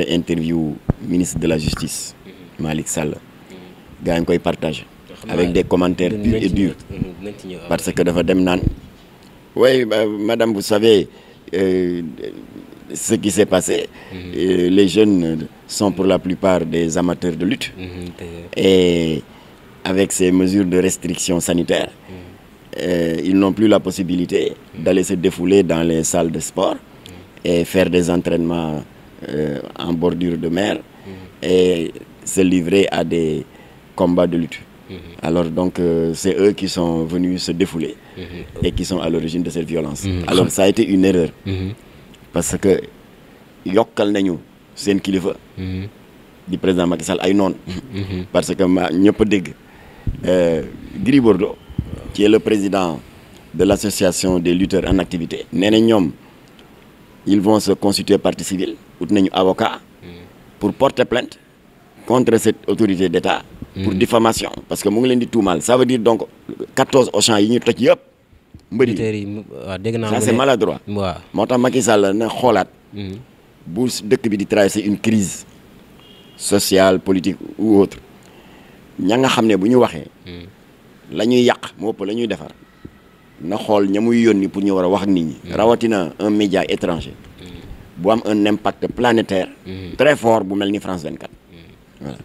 extrait interview ministre de la justice mhm. Malick Sall mhm. gars yi ngi koy partagé avec des commentaires purs et durs mhm, parce que dafa dem naan oui madame vous savez euh, ce qui s'est passé euh, les jeunes sont pour la plupart des amateurs de lutte et avec ces mesures de restriction sanitaire euh, ils n'ont plus la possibilité d'aller se défouler dans les salles de sport et faire des entraînements euh, en bordure de mer mhm. et se livrer à des combats de lutte. Mhm. Alors donc euh, c'est eux qui sont venus se défouler mhm. et qui sont à l'origine de cette violence. Alors ça été une erreur parce que yokkal nañu seen kilifa. di président Macky Sall ay noon parce que ma ñëpp dégg euh, Gris Bordeaux qui le président de l'association des lutteurs en activité nee na ñoom ils vont se constituer partie civile ut nañu avocat pour porter plainte contre cette autorité d'État pour mm. diffamation parce que mu ngi leen di tuumaal ça veut dire donc quatorze Auchan yi ñu toj yëpp mbëri dégg naa ça c'est maladroit waaw moo tax Macky Sall na xoolaat mm. bu dëkk bi di traverser une crise sociale politique ou autre ña nga xam ne bu ñu waxee mm. la ñuy yàq moo ëpp la ñuy defar na xool ñamuy yoon yónni pour ñu war a wax nit ñi rawatina un média étranger bu am un impact planétaire. Mhm. très fort bu mel ni France 24. voilà mhm.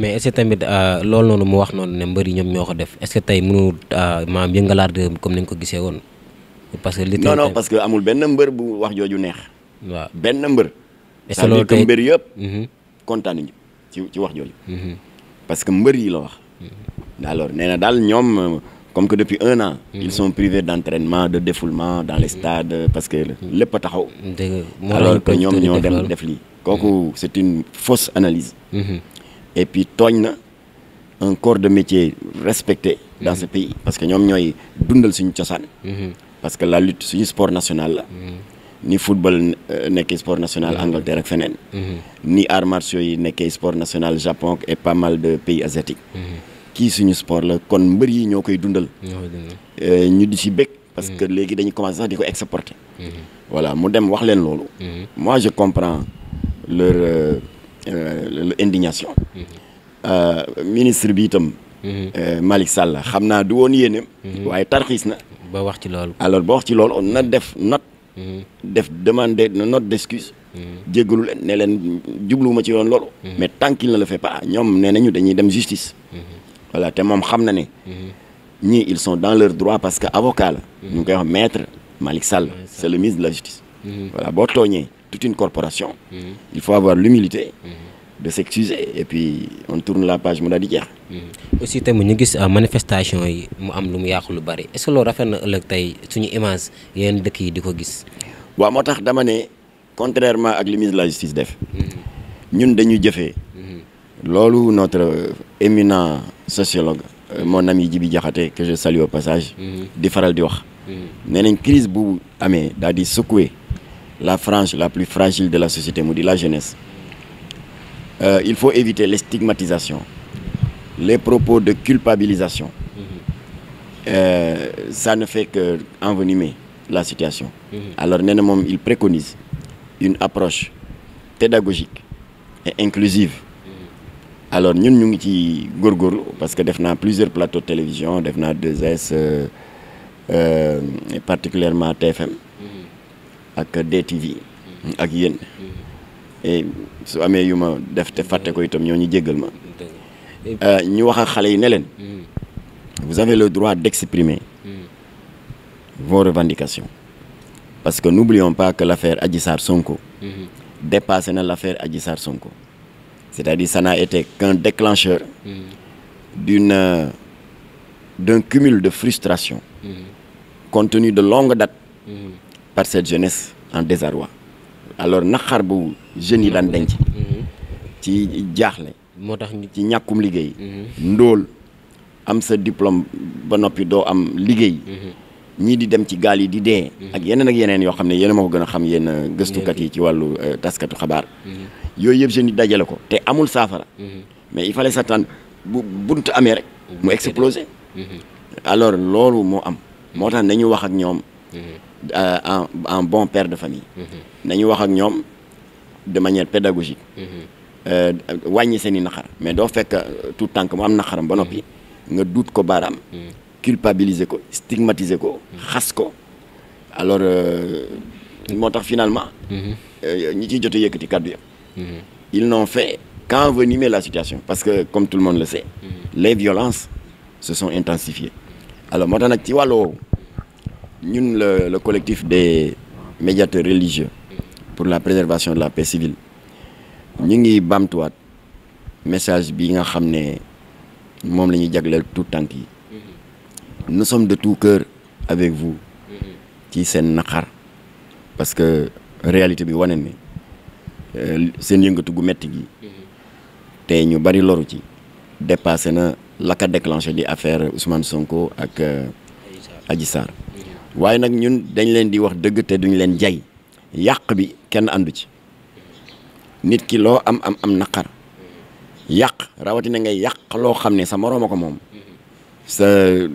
mais est ce que tamit euh, loolu noonu mu wax noonu ne mbër yi ñoom ñoo ko def est ce tey mënu euh, maam yëngalaat réew comme ni nga ko gisee woon. parce que li non non parce que amul benn mbër bu wax jooju neex. waaw benn mbër. est ce mbër yëpp. Mhm. kontaan nañu ci wax jooju. parce que mbër yi la wax. alors nee na daal ñoom. comme que depuis un an. Mm-hmm. ils sont privés d' entraînement de défoulement dans les stades mm-hmm. parce que lépp a taxaw. alors que ñoom ñoo dem def lii. kooku mm-hmm. c' est une fausse analyse. et puis tooñ na un corps de métier respecté dans ce pays parce que ñoom ñooy dundal suñu cosaan. parce que la lutte suñu sport national la. ni football euh, nekkee sport national Angleterre ak feneen. ni arts martiaux yi nekkee sport national Japon et pas mal de pays asiatiques. kii suñu sport la kon mbër yi ñoo koy dundal. Eh, ñu di ci bég parce mm. que léegi dañuy commencé sax di ko exporter. Mm-hmm. voilà mu dem wax leen loolu. Mm-hmm. mois je comprends leur euh, euh leur indignation. Mm-hmm. Euh, ministre bi itam. Euh, Malick Sall xam naa du woon yéene. waaye tarxiis na. ba wax ci loolu. alors ba wax ci loolu na def note. def demander note d'excuse. jéggalu leen ne leen jubluwuma ci yoon loolu. mais tant qu'il ne fait pas ñoom nee nañu dañuy dem justice. voilà te moom xam na ni ñii ils sont dans leur droit parce que avocat la. Mhm. ñu ngi koy wax maître Malick Sall. c' le ministre de la justice. Mhm. voilà boo tooñee toute une corporation. Mhm. il faut avoir l'humilité de s'excuser et puis on tourne la page mu daal di jeex. aussi te tamit ñu gis euh, manifestation yi mu am lu mu yàqu lu bari est loolu rafet na ëllëg tey suñu image yeneen dëkk yi di ko gis. waaw moo tax dama ne contrairement ak li ministre de la justice def. ñun dañuy jëfee. loolu notre euh, éminent sociologue euh, mon ami Djibi Diakhaté que je salue au passage mm-hmm. di faral di wax mm-hmm. nee nañ crise bu amee daal di secouer la franche la plus fragile de la société mu di la jeunesse euh, il faut éviter les stigmatisations les propos de culpabilisation mm-hmm. euh, ça ne fait que envenimer la situation alors nee na moom il préconise une approche pédagogique et inclusive alors ñun ñu ngi ci góorgóorlu parce que def naa plusieurs plateaux de télévision def naa 2S euh, euh, particulièrement TFM mm-hmm. ak DTV mm-hmm. ak yéen mm-hmm. su amee yu ma def te fàtte ko itam ñoo ñu jéggal ma euh, ñu wax xale yi ne leen vous avez le droit d'exprimer vos revendications parce que n'oublions pas que l'affaire Adji saar Sonko dépassé na l'affaire Adji Sarr Sonko c'est-à-dire ça n'a été qu'un déclencheur mmh. d'une euh, d'un cumul de frustration mmh. de longue date mm. parce que cette en désarroi alors naqar bu jeunes yi daan denc mm-hmm. ci jaaxle moo tax ci ñàkkum liggéey mm-hmm. ndóol am sa diplôme ba noppi doo am liggéey mm-hmm. ñii di dem ci gaal yi di dee ak yeneen ak yeneen yoo xam ne yéen moo ko gën a xam yéen euh, gëstukat yi ci wàllu euh, taskatu xabaar yooyu yëpp jeunes yi dajale ko te amul saafara. Mhm. mais il fallait s'attendre bu buntu amee rek. Mhm. mu exploser mhm. alors loolu moo am. moo tax nañu wax ak ñoom. Euh, en en bon père de famille. nañu wax ak ñoom de manière pédagogique. Euh, wàññi seen i naqar mais doo fekk euh, tout tànk mu am naqaram ba noppi nga duut ko baaraam. culpabiliser ko stigmatiser ko. xas ko alors moo tax finalement. ñi ciy jot a yëkkati kàddu yëpp. Ils n'ont fait qu'envenimer la situation parce que comme tout le monde le sait les violences se sont intensifiées alors moo tax nag ci wàllu woowu ñun le le collectif des médiateur religieux pour la préservation de la paix civile ñu ngi bamtuwaat message bi nga xam ne moom la ñuy jagleel tout tànk yi nous sommes de tout cœur avec vous ci seen naqar parce que réalité bi wane ni Euh, seen yëngatu gu metti gi mm-hmm. te ñu bari loru ci dépassé na la ka déclenché di affaire Ousmane Sonko ak euh, Adji mm-hmm. waaye nag ñun dañ leen di wax dëgg te duñ leen jay yàq bi kenn àndu ci mm-hmm. nit ki loo am am am naqar yàq rawatina nga yàq loo xam ne sa moroom ko moom sa euh,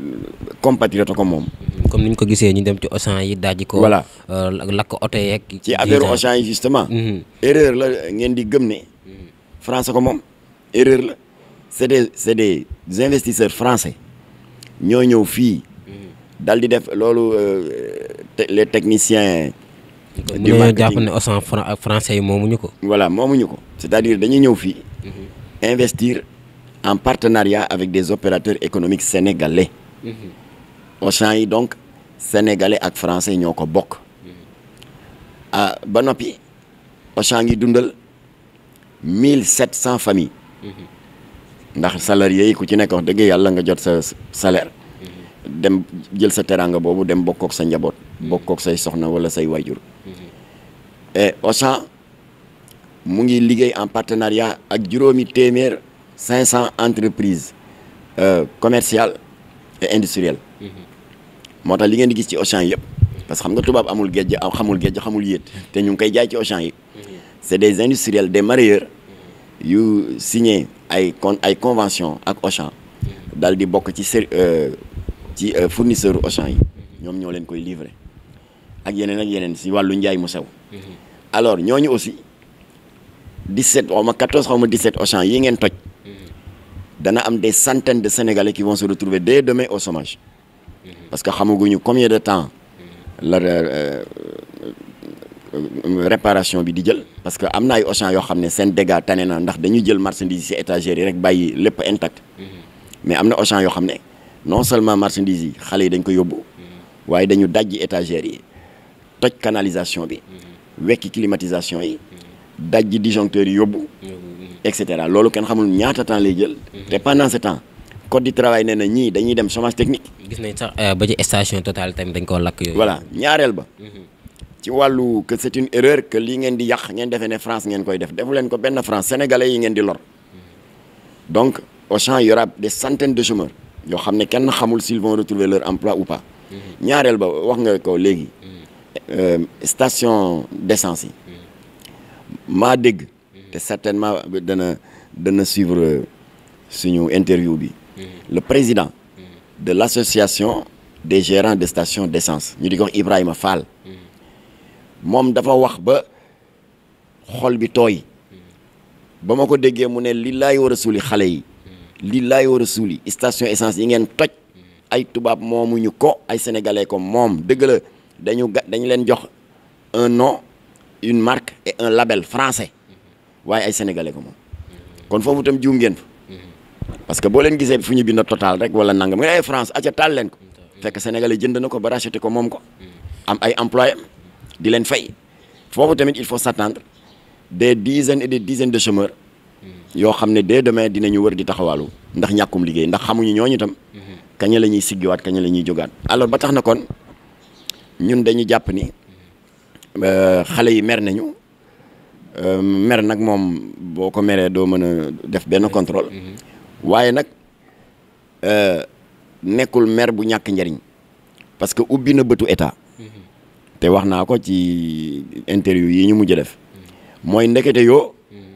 compatriote ko moom comme ni ñu ko gisee ñu dem ci Auchan yi daaji ko. voilà euh, lakk oto yeeg. ci affaire Auchan yi justement. Mm-hmm. erreur la ngeen di gëm ne. Mm-hmm. France ko moom erreur la c'est des c'est des investisseurs français ñoo ñëw fii. Mm-hmm. dal di def loolu euh, les techniciens. du marketing jàpp ne Auchan français yi moomuñu ko. voilà moomuñu ko c'est-à-dire dañuy ñëw fii. investir en partenariat avec des opérateurs économiques sénégalais. Auchan yi donc sénégalais ak français ñoo ko bokk mm-hmm. ah ba noppi Auchan ngi dundal mille sept cent famille mm-hmm. ndax salarié yeey ku ci nekk wax yàlla nga jot sa salaire mm-hmm. dem jël sa teraanga boobu dem bokkook sa njaboot bokkook say soxna wala say waajur et Auchan mu ngi liggéey en partenariat ak juróomi téeméer cinq cent entreprise euh, commerciales et industrielles. moo tax li ngeen di gis ci Auchan yëpp parce que xam nga tubaab amul géej aw xamul géej xamul yéet te ñu ngi koy jaay ci Auchan yi c'est des industriels des mareyeurs yu signé ay con ay convention ak Auchan daal di bokk ci ser euh, ci euh, fournisseur Auchan yi ñoom ñoo leen koy livrer ak yeneen ak yeneen si wàllu njaay mu sew alors ñu aussi 17 xaw ma 14 xaw ma 17 Auchan yi ngeen toj dana am des centaines de Sénégalais qui vont se retrouver dès demain au chômage parce que xamaguñu combien de temps la euh, euh, réparation bi di jël parce que am na ay Auchan yoo xam ne seen dégâts tane na ndax dañu jël marchandise ci étagères yi rek bàyyi lépp intact mais am na Auchan yoo xam ne non seulement marchandise yi xale yi dañ ko yóbbu waaye dañu dajj étagères yi toj canalisation bi wekki climatisation yi dajji disjoncteurs yi yóbbu et cetera loolu kenn xamul ñaata temps lay jël te pendant temps code du travail nee na ñii dañuy dem chômage technique. gis nañ sax euh, ba ci station Total tamit dañ koo lakk yooyu. voilà ñaareel ba. Mhm. ci wàllu que c'est erreur que lii ngeen di yàq ngeen defee ne France ngeen koy def defu leen ko benn France sénégalais yi ngeen di lor mhm. donc au y aura des centaines de chômeurs yoo xam ne kenn xamul s'ils vont retrouver leur emploi ou pas. Mhm. ñaareel ba wax nga ko léegi. Euh, station d'essence yi. maa dégg. te certainement dana dana suivre suñu interview bi. le président de l'association des gérants de stations d'essence ñu di ko Ibrahima Fall moom dafa wax ba xol bi tooy ba ma ko déggee mu ne li laay war a suuli xale yi li laay war a suuli station essence yi ngeen toj ay tubaab moomuñu ko ay sénégalais ko moom dëgg dañu ga leen jox un nom une marque et un label français waaye ay sénégalais ko moom kon foofu tam juum ngeen fa parce que boo leen gisee fu ñu bind total rek wala nangam nga ay eh, France aca leen ko fekk sénégalais jënd na ko ba racheté ko moom ko am ay employé di leen fay foofu tamit il faut s'attendre des dizaines et des dizaines de chômeurs yoo xam ne dès demain dinañu war di taxawaalu ndax ñàkkum liggéey ndax xamuñu ñooñu tam kañ la ñuy siggiwaat kañ la ñuy jógaat alors ba tax na kon ñun dañu jàpp ni euh, xale yi mer nañu euh, mer nag moom boo ko meree doo mën a def benn contrôle waaye nag euh, nekkul maire bu ñàkk njariñ parce que ubbi na bëtu état mm-hmm. te wax naa ko ci interview yi ñu mujj def mooy ndekete yoo mm-hmm.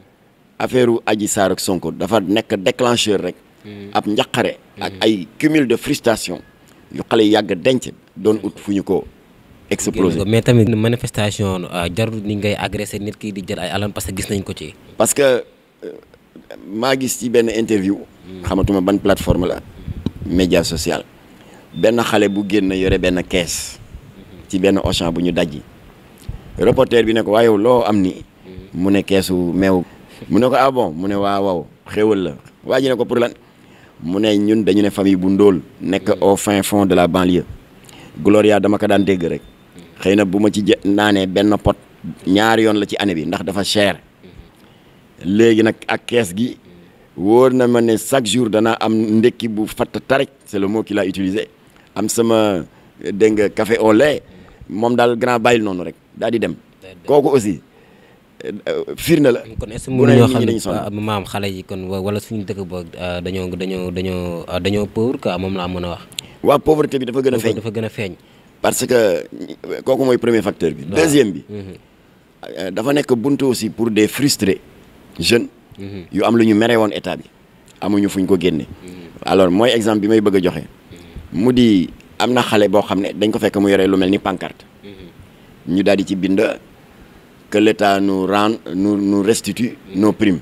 affaire u Adji Sarr ak Sonko dafa nekk déclencheur rek mm-hmm. ab njaqare ak ay cumul de fristation yu xale yàgg denc doon ut fu ñu ko explosé mais tamit manifestation euh, jarul ni ngay agressé nit ki di jël ay alal parce que gis nañ ko ci parce que euh, maa gis ci benn interview. xamatuma ban plateforme la. média social. benn xale bu génn yore benn kees. ci benn Auchan bu ñu dajji. reporter bi ne ko waaye loo am ni mu ne keesu meew. mu ne ko ah bon mu ne waaw waaw xéwal la waa ko pour lan mu ne ñun dañu ne famille bu ndóol nekk au fin fond de la banlieue. Gloria dama ko daan dégg rek. xëy na bu ma ci je naanee benn pot ñaari yoon la ci année bi ndax dafa cher. léegi nag ak kees gi wóor na ma ne chaque jour danaa am ndekki bu fatt tarik c'est le mot qu'il am sama dégg nga café au lait moom daal grand bàyyil noonu rek daal di dem kooku aussi euh, firnde la. kon est-ce que mënuñoo xam ah, maam xale yi kon wala suñu dëkk boobu ah, dañoo dañoo dañoo ah, dañoo pauvre quoi moom laa mën a wax. waaw pauvreté bi dafa gën a feeñ dafa gën a feeñ. parce que kooku mooy premier facteur bi. deuxième bi. Mhm. Euh, dafa nekk buntu aussi pour des frustrés. jeune mm-hmm. yu am lu ñu mere woon état bi amuñu fuñ ko génne mm-hmm. alors mooy exemple bi may bëgg a joxe mm-hmm. mu di am na xale boo xam ne dañ ko fekk mu yore lu mel ni pancarte ñu daal di ci bind que nu nous nu nous nous restitue nos primes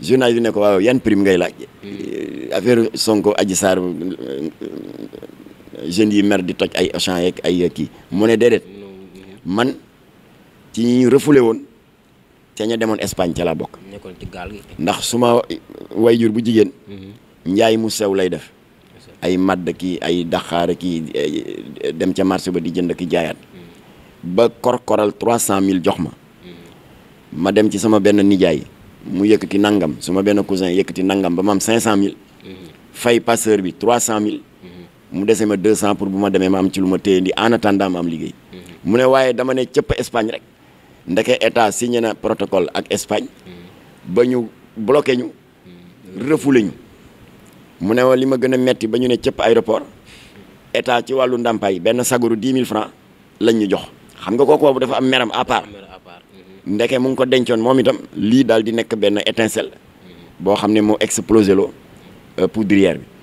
journal bi ne ko waaw yan prime ngay laaj euh, affaire sonk Adji Sarr euh, euh, jeunes yi mer di toj ay Auchan yeeg ay kii mu ne déedéet man ci ñu refoulé woon ca ña demoon Espagne ca laa bokk. nekkoon ci gaal gi. ndax suma wayjur bu jigéen. Mhm. njaay mu sew lay def. ay madd ki ay daxaar ki dem ca marché ba di jënd ki jaayaat. Mhm. ba korkoral trois cent mille jox ma. Mhm. ma dem ci sama benn nijaay mu yëkkati nangam su ma benn cousin yëkkati nangam ba ma am cinq cent mille. fay passeur bi trois cent mille. mu desee ma deux cent pour bu ma demee ma am ci lu ma téye di en attendant ma am liggéey. mu ne waaye dama ne cëpp Espagne rek. ndeke état signé na protocole ak Espagne ba ñu bloqué ñu refoulé ñu mu ne li ma gën a metti ba ñu ne cëpp aéroport état ci wàllu ndàmpaay benn sagaru dix mille francs lañ ñu jox xam nga kooku boobu dafa am meram à part mhm. ndeke mu ngi ko dencoon moom itam lii daal di nekk benn étincelle boo xam ne moo explosé loo pour euh, poudrière bi